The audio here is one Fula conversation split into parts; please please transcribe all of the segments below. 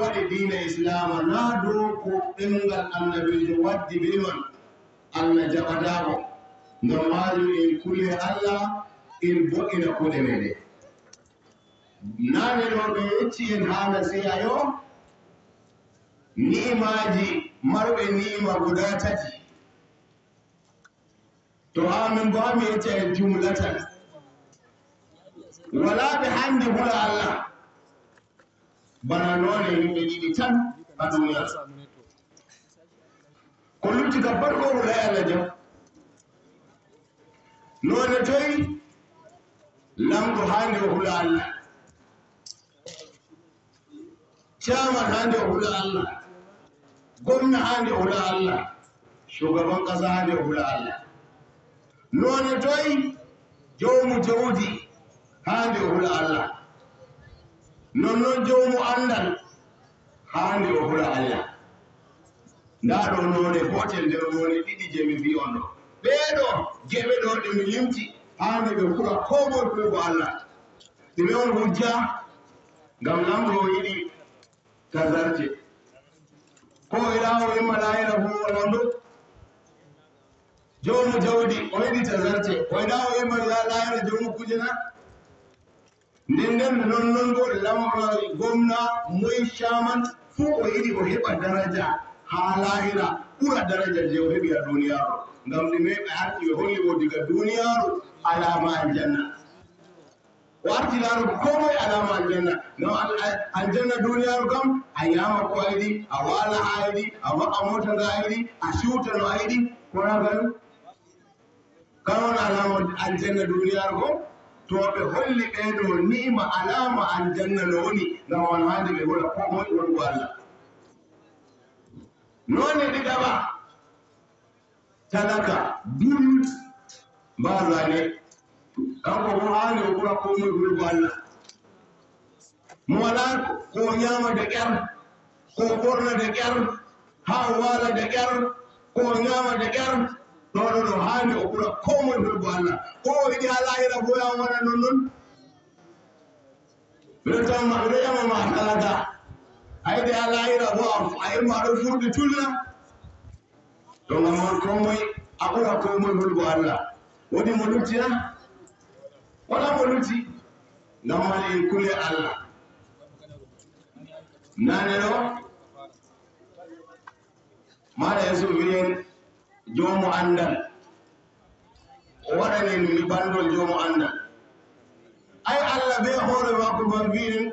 waɗi dina islama na doko ko ɗemngal annabijo waddi be man allah jaɓadaako ngam maajum en kule allah en boɗɗina kuɗe meɗen naane ɗo ɓe yecci en haa Ni yo ni'imaaji marɓe ni'ima guda tati to haa min bo haa mi yecca en jumlatan walaa ɓe hannde hula allah Bana ne yimɓe ɗiɗi tan ha duniya ko lutti kam pat ko yana allah jam none toyi lamɗo hande o hula allah chairman hande o hula allah gwamna hande o hula allah shugaban kasa hande o hula allah none toyi jowmu jawdi hande o hula allah non noon jowmo anndal haandi o hula allah nda ɗo none gotel nder none ɗiɗi je mi mbi on ɗo ɓeeɗo geɓe ɗo ɗe mi limti haande ɓe kura ko moy fuugo allah ɗume on hujja ngam amro yiɗi tasarje ko ilaawo imma laayira fuwalandu jowmo jawdi o yiɗi tasarje ko ilaawo imma laayira jowmo kuje na nden nonnongoɗe lamrari gomna shaman, fuu o yiɗi o heɓa daraja ha lahira. ɓura daraja je o heɓi a duniyaru. ngam ɗume ɓe arti ɓe holli o diga duniyaru, alama aljanna o arti laarugo komoye alama aljanna ngam aljanna duniyaru kam a yaama ko ayiɗi, a wala haa yiɗi a wa'a mota nga ayiɗi, a siwta no a yiɗi konagan kan on alama aljanna duniyaaru ko to ɓe holli ɓeeɗo ni'ima alama aljanna no woni ngam on haandi ɓe wona ko moye wongo allah noone ɗiɗaɓa talaka dul mbasane kanko ko haandi o ɓura ko moye wongo allah mo wala ko ñaama de ƴar ko ɓorna de ƴar haa waala de ƴar ko ñaama de ƴar nono no haandi o ɓura komoye hirgo allah ko o yiɗi ha lahira bo yama waɗa non noon ɓeɗo tawma ɓeɗo ƴamama talaga a yiɗi ha lahira bo a imma aɗo furɗi tulna to gam on komoye a ɓura komoye hirgo allah woni mo luttina wala mo lutti gam mali en kule allah nane ɗo maɗa yeso wiyen jomu andal o waɗani ni bandol jomu andal ay allah be hore hoore maako ban mbiɗen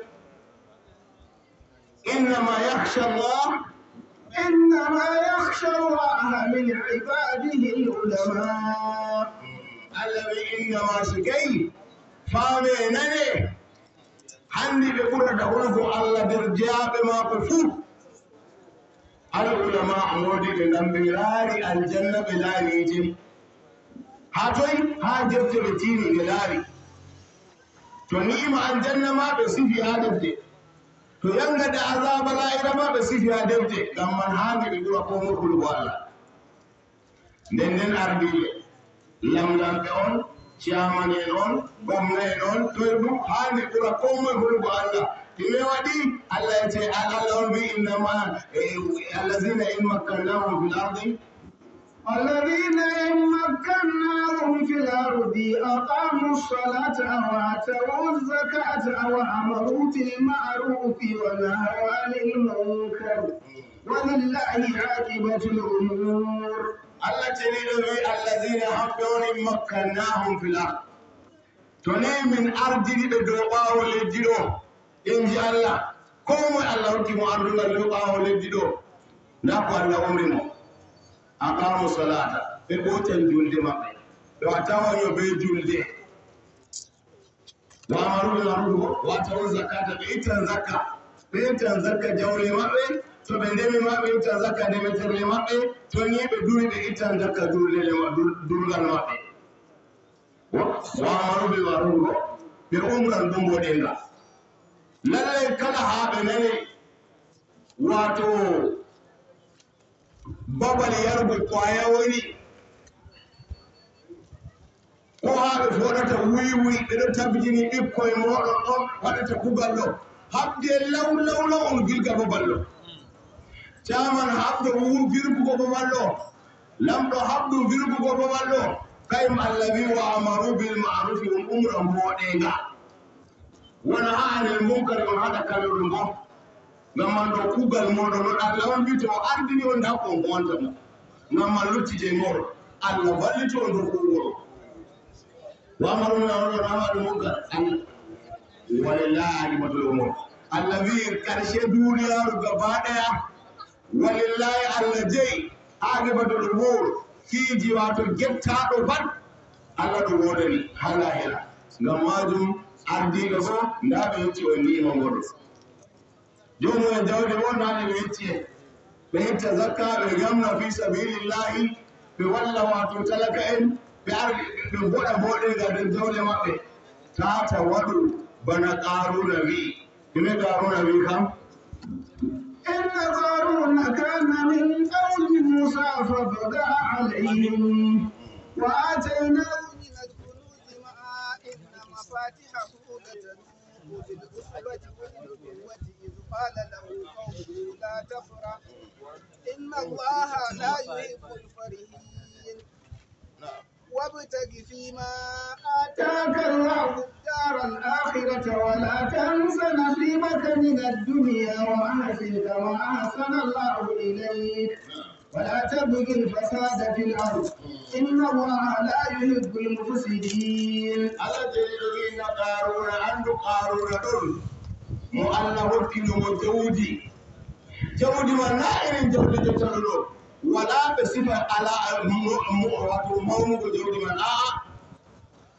innama yahcha llah innama yahcha llaha min ibadihi ulama allah be inna so gay faame nane hanndi be ɓurata holko allah nder jeyaaɓe maako fuu har ulama a ɓe da ɓe laari aljanna ɓe laari jim ha toy ha defte ɓe tiini ɓe laari to ni'ima aljanna ma ɓe sifi ha defte to da azaba la'ira ma ɓe sifi ha defte man haandi ɓe ɓura ko mokulugo allah nden nden ardiɓe da e on ciaman en on gomna en on to e du haandi ɓura ko moye holugo allah me wadi Allah ya ce alalahum bi innama eh, allazina in makkannahum fil ardi الذين إن مكناهم في الأرض أقاموا الصلاة وآتوا الزكاة وأمروا بالمعروف ونهوا عن المنكر ولله عاقبة الأمور الله تريد به الذين حبوني مكناهم في الأرض تنين من أرض دي دوبا ولدي Inji allah ko mo allah hokkimo andugal lew ɓawo leddi ɗo nda ko allah umri mo aqamu solata ɓe ɓoten julde maɓɓe ɓe wattawanyo be julde wamaruɓe maruɗo wata on zakata ɓe ittan zakka ɓe ittan zakka jawle maɓɓe to ɓe ndemi maɓɓe ittan zakka ndemeterle maɓɓe to ni ɓe duwi ɓe ittan zakka durlele durgal maɓɓe wamaruɓe maruɗo ɓe umran ɗum denga. lallai kana haɓe ne wato babal yarbu kwaya wuri ko haɓe foɗata wiwi ɓeɗo tabitini ɓikkoye moɗon ɗon waɗata kugal ɗo haɓde law law law on gilga babal ɗo caman haɓɗo wun virbugo babal ɗo lamɗo haɓɗum virbugo babal ɗo kayim allah wi wa amaru bil marufi on umra moɗenga wona haanel munkar on haɗa kamɓe ɗum on gamma ɗo kuugal moɗo noon allah on wito o ardini on da ko on wontamo gamma luttide ngol allah wallito on dow kuwol wamaruna na amaɗo munkar allah walillahi alimatul umur allah wi karshe duniyaru gaba ɗaya walillahi allah jeyi ji wa to wato do ban allah do wodani hala hela ngam majum addinuhu ndaɓe yetti o nima ngol jomum e jawdi o naane ɓe yetti hen ɓe yetta zakka ɓe gamna fi sabilillahi ɓe walla wato talaka en ɓe ar ɓe goɗa boɗega nder jawle maɓɓe tata waɗu bana qaruna wi ɗume qaruna wi kam إن قارون كان من قوم موسى فبغى عليهم وآتيناه الفاتحة تنوق بالأسوة والعقوة إذ قال له قومه لا تفرح إن الله لا يحب الفرحين وابتغ فيما آتاك الله الدار الآخرة ولا تنس نصيبك من الدنيا وأحسن كما أحسن الله إليك ولا تبغي الفساد في الأرض إن الله لا يحب المفسدين الله جل قارون عنده قارون دول وأنه تنو جودي جودي ولا إن جودي جتلو ولا بصفة على مومو جودي من آه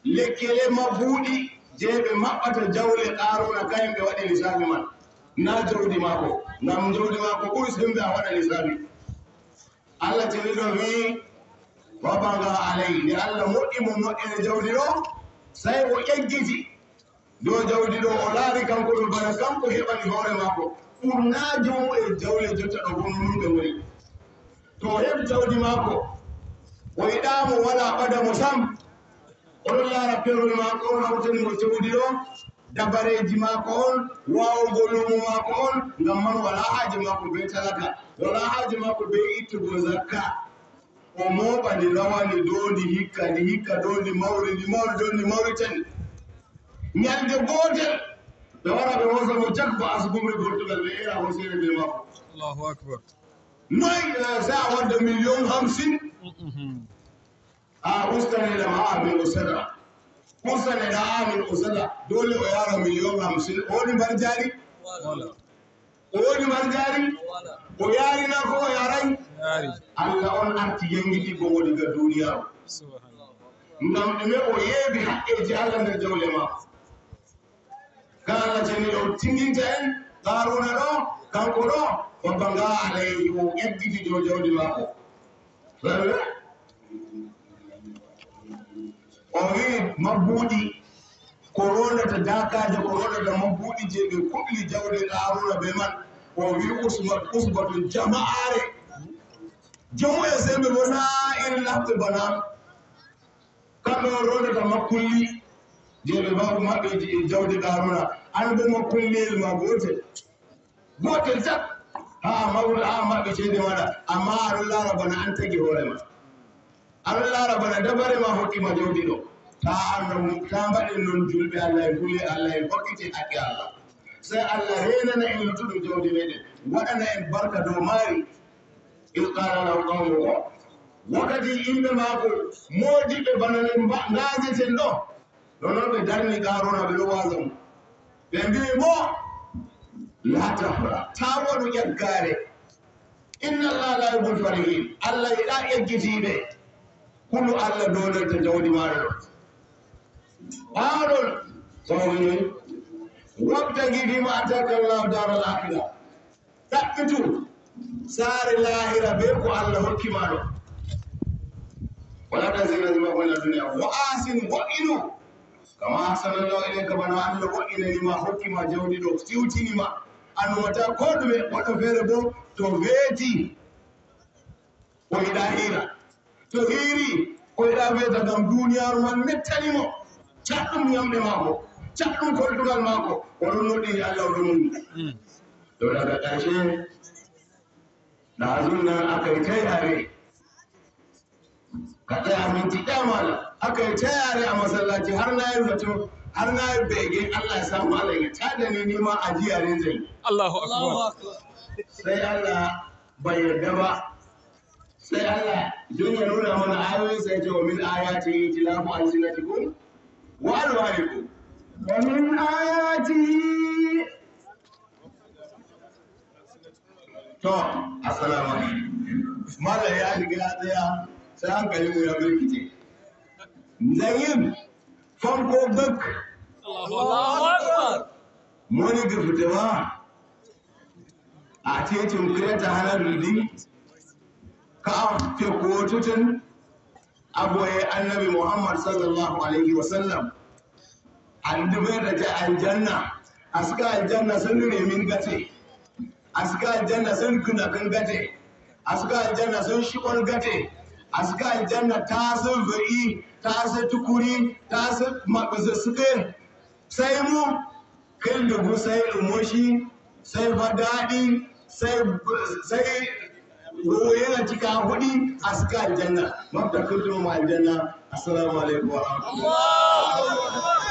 لكلي مبودي جيب مبتا جولي قارون كاين بوادي لسامي من نا جودي ماكو نام جودي ماكو كويس دمبي أوانا لسامي allah jeliɗo wi wabaga alay nde allah moƴƴi mo moƴƴere jawdi ɗo sey o ƴeggiti do jawdi ɗo o laari kanko ɗo bana kanko heɓani hoore makko ɓurnajomu e jawle jotta ɗo gonnunɓe woni to heɓ jawdi makko o yiɗamo wala ɓadamo tam oɗon laara pewol makko on hawtanimo jawdi ɗo dabareji mako on wawugolumu mako on ngam man wala haaji mako be talaka wala haaji mako be ittugo zakka o moɓa ndi rawa ndi dow ndi hikka ndi hikka dow ndi mawri ndi mawri dow ndi mawritani ñalde gootel ɓe wara ɓe hosa mo jak ba asgumri gortugal ɓe era hosere be makko allahu akbar noy sa wadda million hamsin a ustanedam a min o sedra mosare ɗaamin o sada dole o yara million hamsin owoni mbar jaari o woni mbar jaari o yarina ko o yaray allah on arti yengiɗi bo woni ga duniya o ngam ɗume o yeebi haqqeji allah nder jawle ma kaala jani o tinginta en garuna ɗo kanko ɗo wabba nga alay o edditi jo jawdi maako oye mabudi ko rondata dakaje ko rondata da je ɓe kulli jawri qaruna ɓe man o wi usmat usbatun jama'are jama'a sai be wona irin lafta bana kambe rona rondata makulli je ɓe babu mabbe je jawri qaruna an bo makulli ma gotel, gotel ta ha mawul ha be ce da amma amma Allah bana an tage hore ma allahra bana dabarema hokkima jawdino ta andamu ta mbaɗen noon julɓe allah e gule allah e hokkite haqqe allah so allah renana en luttuɗum jawdi meɗen waɗana en barka dow maari il qala lahu qawmu o wakkati yimɓe maako moodiɓe banane ngaaseten ɗo ɗo noon ɓe darni qarona ɓe ɗo waasa mu ɓe mbimi bo la tahra ta waɗu ƴaggaare inna allah la yubul farihin allah yiɗa ƴaggitiɓe kulu allah dolorta jawdi maaro haarol gidi ma ta atakallahu daral ahira takitu sare lahira be ko allah ma do wala ko kolla duniya wa asin inu kama hasanallahu ileyka bana allah ma wo'inanima hokkima jawdi ma an wata ko ɗume waɗo fere bo to veti ko yiɗa hira to hiri heeri koyɗa wiyata kam duniyaru man mettanimo catɗum ko maako catɗum koltugal maako oɗon noɗi allah ɗumum to daga ƙarshe ɗazun nan aka yi ta yare ka tsaya amin ti da aka akai ta yare a masallaci har na yanzu to har na bege allah ya samu allah ya da ni ni nima ajiya ne zai Allahu akbar sai allah bai yarda ba sai Allah don ya nuna mana ayoyin sai ce wa min ayati tilafu alsinatikum wa alwanikum wa min ayati to assalamu alaikum mallan ya shiga tsaya sai hankali mu ya birkice nayim farko bak Allahu akbar muni gifitama a cikin kiranta halar rudi ka'ab fi kotutin abuwaye annabi muhammad sallallahu alaihi wasallam an dubai da ta aljanna a suka aljanna sun remin gace a suka aljanna sun kan gace a suka aljanna sun shikon gace a suka aljanna ta sun zuri ta sun tukuri ta sun maɓisa suke sai mu kan dubu sai umoshi sai fadaɗi sai yana cika hudi a suka aljanna mabda kuntum aljanna assalamu alaikum wa rahmatullahi